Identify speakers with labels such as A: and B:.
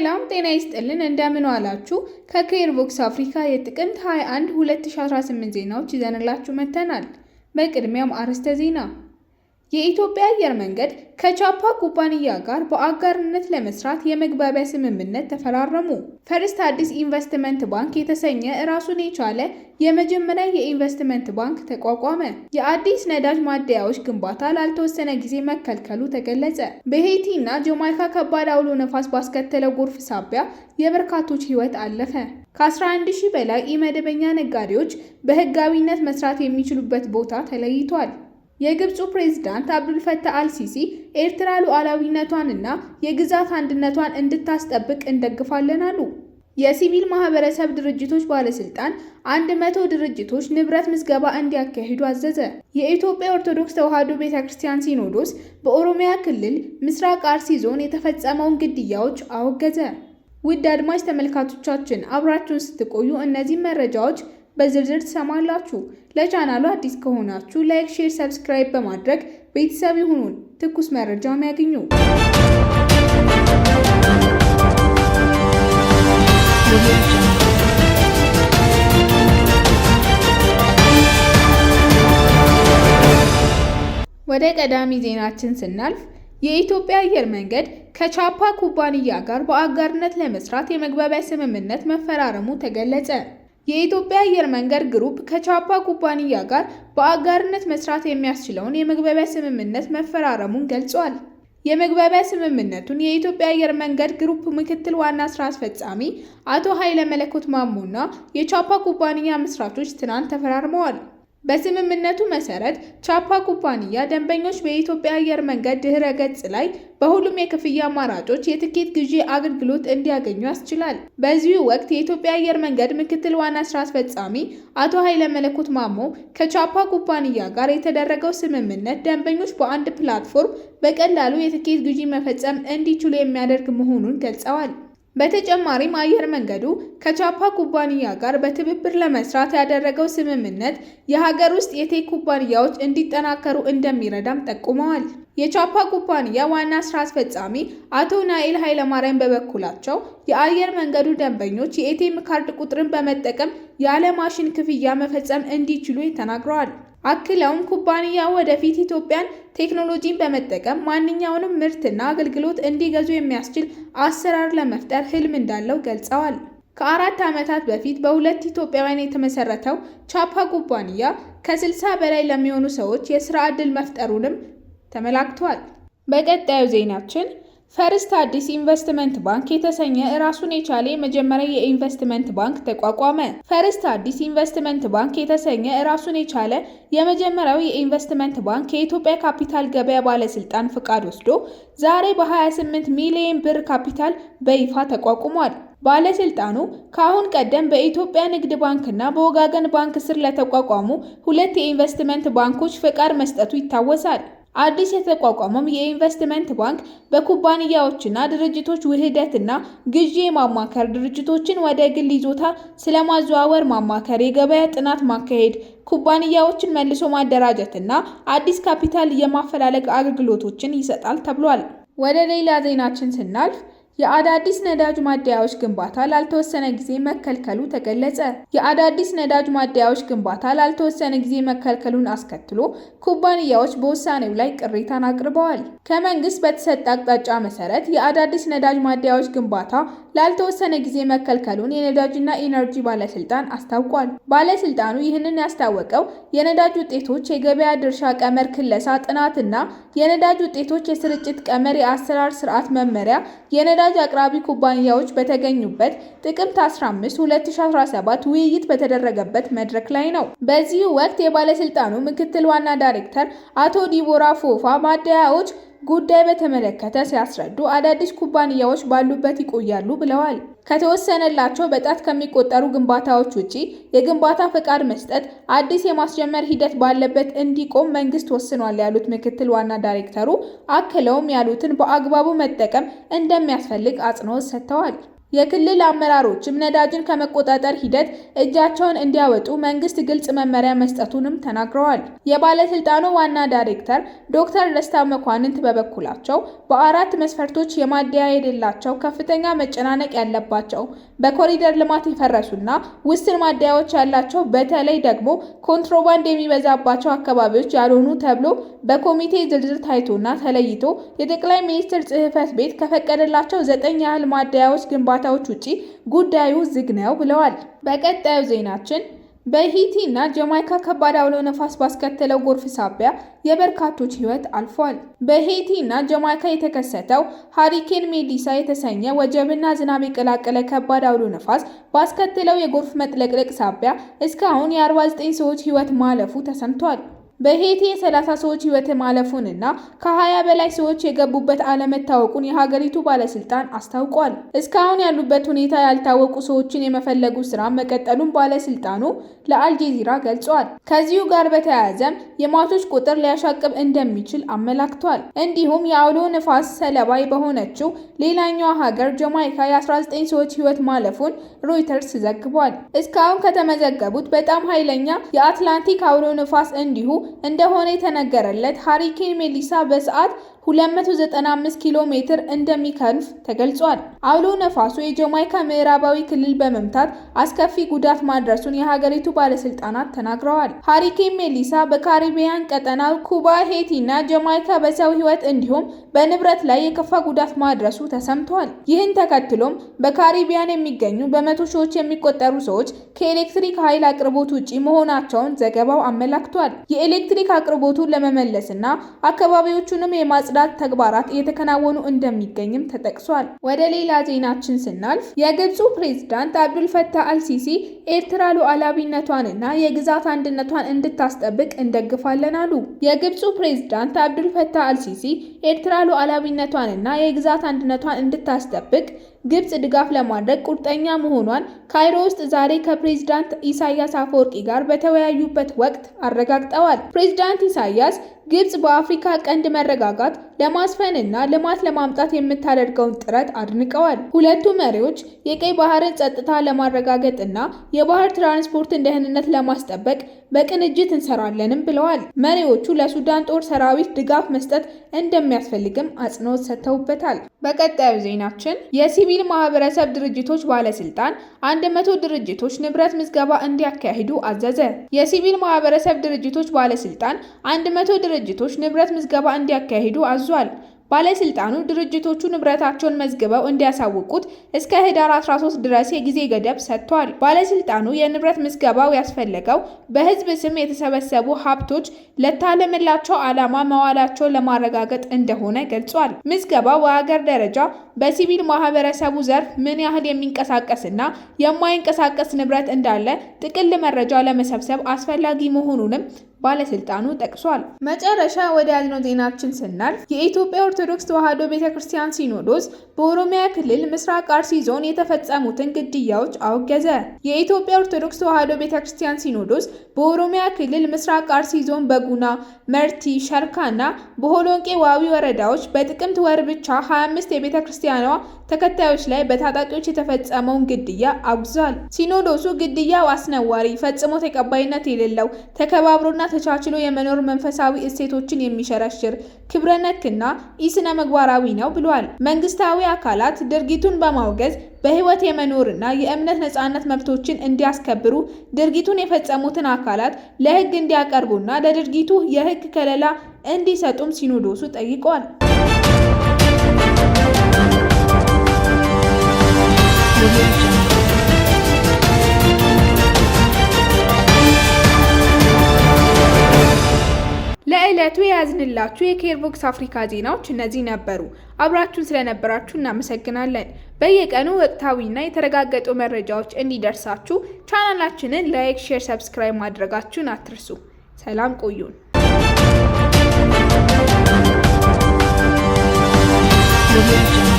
A: ሰላም ጤና ይስጥልን እንደምን አላችሁ? ከኬር ቦክስ አፍሪካ የጥቅምት 21 2018 ዜናዎች ይዘንላችሁ መጥተናል። በቅድሚያም አርዕስተ ዜና የኢትዮጵያ አየር መንገድ ከቻፓ ኩባንያ ጋር በአጋርነት ለመስራት የመግባቢያ ስምምነት ተፈራረሙ። ፈርስት አዲስ ኢንቨስትመንት ባንክ የተሰኘ ራሱን የቻለ የመጀመሪያ የኢንቨስትመንት ባንክ ተቋቋመ። የአዲስ ነዳጅ ማደያዎች ግንባታ ላልተወሰነ ጊዜ መከልከሉ ተገለጸ። በሄይቲ እና ጀማይካ ከባድ አውሎ ነፋስ ባስከተለው ጎርፍ ሳቢያ የበርካቶች ሕይወት አለፈ። ከ11 ሺህ በላይ ኢመደበኛ ነጋዴዎች በህጋዊነት መስራት የሚችሉበት ቦታ ተለይቷል። የግብፁ ፕሬዝዳንት አብዱልፈታህ አልሲሲ ኤርትራ ሉዓላዊነቷንና የግዛት አንድነቷን እንድታስጠብቅ እንደግፋለን አሉ። የሲቪል ማህበረሰብ ድርጅቶች ባለስልጣን አንድ መቶ ድርጅቶች ንብረት ምዝገባ እንዲያካሂዱ አዘዘ። የኢትዮጵያ ኦርቶዶክስ ተዋሕዶ ቤተክርስቲያን ሲኖዶስ በኦሮሚያ ክልል ምስራቅ አርሲ ዞን የተፈጸመውን ግድያዎች አወገዘ። ውድ አድማጭ ተመልካቾቻችን አብራችሁን ስትቆዩ እነዚህ መረጃዎች በዝርዝር ትሰማላችሁ። ለቻናሉ አዲስ ከሆናችሁ ላይክ፣ ሼር፣ ሰብስክራይብ በማድረግ ቤተሰብ ይሁኑን። ትኩስ መረጃም ያግኙ። ወደ ቀዳሚ ዜናችን ስናልፍ የኢትዮጵያ አየር መንገድ ከቻፓ ኩባንያ ጋር በአጋርነት ለመስራት የመግባቢያ ስምምነት መፈራረሙ ተገለጸ። የኢትዮጵያ አየር መንገድ ግሩፕ ከቻፓ ኩባንያ ጋር በአጋርነት መስራት የሚያስችለውን የመግባቢያ ስምምነት መፈራረሙን ገልጿል። የመግባቢያ ስምምነቱን የኢትዮጵያ አየር መንገድ ግሩፕ ምክትል ዋና ስራ አስፈጻሚ አቶ ኃይለ መለኮት ማሞና የቻፓ ኩባንያ መስራቾች ትናንት ተፈራርመዋል። በስምምነቱ መሰረት ቻፓ ኩባንያ ደንበኞች በኢትዮጵያ አየር መንገድ ድህረ ገጽ ላይ በሁሉም የክፍያ አማራጮች የትኬት ግዢ አገልግሎት እንዲያገኙ ያስችላል። በዚሁ ወቅት የኢትዮጵያ አየር መንገድ ምክትል ዋና ስራ አስፈጻሚ አቶ ኃይለ መለኮት ማሞ ከቻፓ ኩባንያ ጋር የተደረገው ስምምነት ደንበኞች በአንድ ፕላትፎርም በቀላሉ የትኬት ግዢ መፈጸም እንዲችሉ የሚያደርግ መሆኑን ገልጸዋል። በተጨማሪም አየር መንገዱ ከቻፓ ኩባንያ ጋር በትብብር ለመስራት ያደረገው ስምምነት የሀገር ውስጥ የቴክ ኩባንያዎች እንዲጠናከሩ እንደሚረዳም ጠቁመዋል። የቻፓ ኩባንያ ዋና ስራ አስፈጻሚ አቶ ናኤል ኃይለማርያም በበኩላቸው የአየር መንገዱ ደንበኞች የኤቲኤም ካርድ ቁጥርን በመጠቀም ያለ ማሽን ክፍያ መፈጸም እንዲችሉ ተናግረዋል። አክለውም ኩባንያ ወደፊት ኢትዮጵያን ቴክኖሎጂን በመጠቀም ማንኛውንም ምርትና አገልግሎት እንዲገዙ የሚያስችል አሰራር ለመፍጠር ህልም እንዳለው ገልጸዋል። ከአራት ዓመታት በፊት በሁለት ኢትዮጵያውያን የተመሰረተው ቻፓ ኩባንያ ከ60 በላይ ለሚሆኑ ሰዎች የስራ ዕድል መፍጠሩንም ተመላክቷል። በቀጣዩ ዜናችን ፈርስት አዲስ ኢንቨስትመንት ባንክ የተሰኘ ራሱን የቻለ የመጀመሪያ የኢንቨስትመንት ባንክ ተቋቋመ። ፈርስት አዲስ ኢንቨስትመንት ባንክ የተሰኘ ራሱን የቻለ የመጀመሪያው የኢንቨስትመንት ባንክ የኢትዮጵያ ካፒታል ገበያ ባለስልጣን ፍቃድ ወስዶ ዛሬ በ28 ሚሊዮን ብር ካፒታል በይፋ ተቋቁሟል። ባለስልጣኑ ከአሁን ቀደም በኢትዮጵያ ንግድ ባንክና በወጋገን ባንክ ስር ለተቋቋሙ ሁለት የኢንቨስትመንት ባንኮች ፍቃድ መስጠቱ ይታወሳል። አዲስ የተቋቋመው የኢንቨስትመንት ባንክ በኩባንያዎችና ድርጅቶች ውህደትና ግዢ ማማከር ድርጅቶችን ወደ ግል ይዞታ ስለማዘዋወር ማማከር፣ የገበያ ጥናት ማካሄድ፣ ኩባንያዎችን መልሶ ማደራጀትና አዲስ ካፒታል የማፈላለግ አገልግሎቶችን ይሰጣል ተብሏል። ወደ ሌላ ዜናችን ስናልፍ የአዳዲስ ነዳጅ ማደያዎች ግንባታ ላልተወሰነ ጊዜ መከልከሉ ተገለጸ። የአዳዲስ ነዳጅ ማደያዎች ግንባታ ላልተወሰነ ጊዜ መከልከሉን አስከትሎ ኩባንያዎች በውሳኔው ላይ ቅሬታን አቅርበዋል። ከመንግስት በተሰጠ አቅጣጫ መሰረት የአዳዲስ ነዳጅ ማደያዎች ግንባታ ላልተወሰነ ጊዜ መከልከሉን የነዳጅና ኢነርጂ ባለስልጣን አስታውቋል። ባለስልጣኑ ይህንን ያስታወቀው የነዳጅ ውጤቶች የገበያ ድርሻ ቀመር ክለሳ ጥናትና የነዳጅ ውጤቶች የስርጭት ቀመር የአሰራር ስርዓት መመሪያ የነዳ አዘጋጅ አቅራቢ ኩባንያዎች በተገኙበት ጥቅምት 15 2017 ውይይት በተደረገበት መድረክ ላይ ነው። በዚህ ወቅት የባለስልጣኑ ምክትል ዋና ዳይሬክተር አቶ ዲቦራ ፎፋ ማደያዎች ጉዳይ በተመለከተ ሲያስረዱ አዳዲስ ኩባንያዎች ባሉበት ይቆያሉ ብለዋል። ከተወሰነላቸው በጣት ከሚቆጠሩ ግንባታዎች ውጪ የግንባታ ፈቃድ መስጠት አዲስ የማስጀመር ሂደት ባለበት እንዲቆም መንግስት ወስኗል ያሉት ምክትል ዋና ዳይሬክተሩ አክለውም ያሉትን በአግባቡ መጠቀም እንደሚያስፈልግ አጽንኦት ሰጥተዋል። የክልል አመራሮችም ነዳጅን ከመቆጣጠር ሂደት እጃቸውን እንዲያወጡ መንግስት ግልጽ መመሪያ መስጠቱንም ተናግረዋል። የባለስልጣኑ ዋና ዳይሬክተር ዶክተር ደስታ መኳንንት በበኩላቸው በአራት መስፈርቶች የማደያ የሌላቸው ከፍተኛ መጨናነቅ ያለባቸው በኮሪደር ልማት የፈረሱና ውስን ማደያዎች ያላቸው በተለይ ደግሞ ኮንትሮባንድ የሚበዛባቸው አካባቢዎች ያልሆኑ ተብሎ በኮሚቴ ዝርዝር ታይቶና ተለይቶ የጠቅላይ ሚኒስትር ጽህፈት ቤት ከፈቀደላቸው ዘጠኝ ያህል ማደያዎች ግንባ ጨዋታዎች ውጪ ጉዳዩ ዝግ ነው ብለዋል። በቀጣዩ ዜናችን በሂቲ እና ጀማይካ ከባድ አውሎ ነፋስ ባስከተለው ጎርፍ ሳቢያ የበርካቶች ሕይወት አልፏል። በሂቲ እና ጀማይካ የተከሰተው ሃሪኬን ሜሊሳ የተሰኘ ወጀብና ዝናብ የቀላቀለ ከባድ አውሎ ነፋስ ባስከተለው የጎርፍ መጥለቅለቅ ሳቢያ እስካሁን የ49 ሰዎች ሕይወት ማለፉ ተሰምቷል። በሄቲ የሰላሳ ሰዎች ህይወት ማለፉንና 20 በላይ ሰዎች የገቡበት አለመታወቁን የሀገሪቱ ባለስልጣን አስታውቋል። እስካሁን ያሉበት ሁኔታ ያልታወቁ ሰዎችን የመፈለጉ ስራ መቀጠሉን ባለስልጣኑ ለአልጀዚራ ገልጿል። ከዚሁ ጋር በተያያዘም የሟቾች ቁጥር ሊያሻቅብ እንደሚችል አመላክቷል። እንዲሁም የአውሎ ንፋስ ሰለባይ በሆነችው ሌላኛዋ ሀገር ጀማይካ የ19 ሰዎች ህይወት ማለፉን ሮይተርስ ዘግቧል። እስካሁን ከተመዘገቡት በጣም ኃይለኛ የአትላንቲክ አውሎ ንፋስ እንዲሁ እንደሆነ የተነገረለት ሃሪኬን ሜሊሳ በሰዓት 295 ኪሎ ሜትር እንደሚከንፍ ተገልጿል። አውሎ ነፋሱ የጃማይካ ምዕራባዊ ክልል በመምታት አስከፊ ጉዳት ማድረሱን የሀገሪቱ ባለስልጣናት ተናግረዋል። ሃሪኬን ሜሊሳ በካሪቢያን ቀጠና ኩባ፣ ሄቲ እና ጃማይካ በሰው ህይወት እንዲሁም በንብረት ላይ የከፋ ጉዳት ማድረሱ ተሰምቷል። ይህን ተከትሎም በካሪቢያን የሚገኙ በመቶ ሺዎች የሚቆጠሩ ሰዎች ከኤሌክትሪክ ኃይል አቅርቦት ውጪ መሆናቸውን ዘገባው አመላክቷል። የኤሌክትሪክ አቅርቦቱን ለመመለስና አካባቢዎቹንም የማጽዳ የማጉላላት ተግባራት እየተከናወኑ እንደሚገኝም ተጠቅሷል። ወደ ሌላ ዜናችን ስናልፍ የግብፁ ፕሬዝዳንት አብዱልፈታህ አልሲሲ ኤርትራ ሉዓላዊነቷንና የግዛት አንድነቷን እንድታስጠብቅ እንደግፋለን አሉ። የግብፁ ፕሬዝዳንት አብዱልፈታህ አልሲሲ ኤርትራ ሉዓላዊነቷንና የግዛት አንድነቷን እንድታስጠብቅ ግብፅ ድጋፍ ለማድረግ ቁርጠኛ መሆኗን ካይሮ ውስጥ ዛሬ ከፕሬዝዳንት ኢሳያስ አፈወርቂ ጋር በተወያዩበት ወቅት አረጋግጠዋል። ፕሬዚዳንት ኢሳያስ ግብፅ በአፍሪካ ቀንድ መረጋጋት ለማስፈን እና ልማት ለማምጣት የምታደርገውን ጥረት አድንቀዋል። ሁለቱ መሪዎች የቀይ ባህርን ጸጥታ ለማረጋገጥ እና የባህር ትራንስፖርትን ደህንነት ለማስጠበቅ በቅንጅት እንሰራለንም ብለዋል። መሪዎቹ ለሱዳን ጦር ሰራዊት ድጋፍ መስጠት እንደሚያስፈልግም አጽንኦት ሰጥተውበታል። በቀጣዩ ዜናችን የሲቪል ማህበረሰብ ድርጅቶች ባለስልጣን 100 ድርጅቶች ንብረት ምዝገባ እንዲያካሂዱ አዘዘ። የሲቪል ማህበረሰብ ድርጅቶች ባለስልጣን 100 ድርጅቶች ንብረት ምዝገባ እንዲያካሂዱ አዙ አዟል። ባለስልጣኑ ድርጅቶቹ ንብረታቸውን መዝግበው እንዲያሳውቁት እስከ ህዳር 13 ድረስ የጊዜ ገደብ ሰጥቷል። ባለስልጣኑ የንብረት ምዝገባው ያስፈለገው በህዝብ ስም የተሰበሰቡ ሀብቶች ለታለመላቸው ዓላማ መዋላቸውን ለማረጋገጥ እንደሆነ ገልጿል። ምዝገባው በአገር ደረጃ በሲቪል ማህበረሰቡ ዘርፍ ምን ያህል የሚንቀሳቀስና የማይንቀሳቀስ ንብረት እንዳለ ጥቅል መረጃ ለመሰብሰብ አስፈላጊ መሆኑንም ባለስልጣኑ ጠቅሷል። መጨረሻ ወደ ያልነው ዜናችን ስናልፍ የኢትዮጵያ ኦርቶዶክስ ተዋሕዶ ቤተ ክርስቲያን ሲኖዶስ በኦሮሚያ ክልል ምስራቅ አርሲ ዞን የተፈጸሙትን ግድያዎች አወገዘ። የኢትዮጵያ ኦርቶዶክስ ተዋሕዶ ቤተ ክርስቲያን ሲኖዶስ በኦሮሚያ ክልል ምስራቅ አርሲ ዞን በጉና፣ መርቲ፣ ሸርካ እና በሆሎንቄ ዋዊ ወረዳዎች በጥቅምት ወር ብቻ 25 የቤተ ክርስቲያኗ ተከታዮች ላይ በታጣቂዎች የተፈጸመውን ግድያ አውግዟል። ሲኖዶሱ ግድያው አስነዋሪ፣ ፈጽሞ ተቀባይነት የሌለው ተከባብሮና ተቻችሎ የመኖር መንፈሳዊ እሴቶችን የሚሸረሽር ክብረ ነክና ኢስነ ምግባራዊ ነው ብሏል። መንግስታዊ አካላት ድርጊቱን በማውገዝ በህይወት የመኖርና የእምነት ነጻነት መብቶችን እንዲያስከብሩ ድርጊቱን የፈጸሙትን አካላት ለህግ እንዲያቀርቡና ለድርጊቱ የህግ ከለላ እንዲሰጡም ሲኖዶሱ ጠይቋል። ለዕለቱ የያዝንላችሁ የኬርቦክስ አፍሪካ ዜናዎች እነዚህ ነበሩ። አብራችሁን ስለነበራችሁ እናመሰግናለን። በየቀኑ ወቅታዊና የተረጋገጡ መረጃዎች እንዲደርሳችሁ ቻናላችንን ላይክ፣ ሼር፣ ሰብስክራይብ ማድረጋችሁን አትርሱ። ሰላም ቆዩን። Thank you.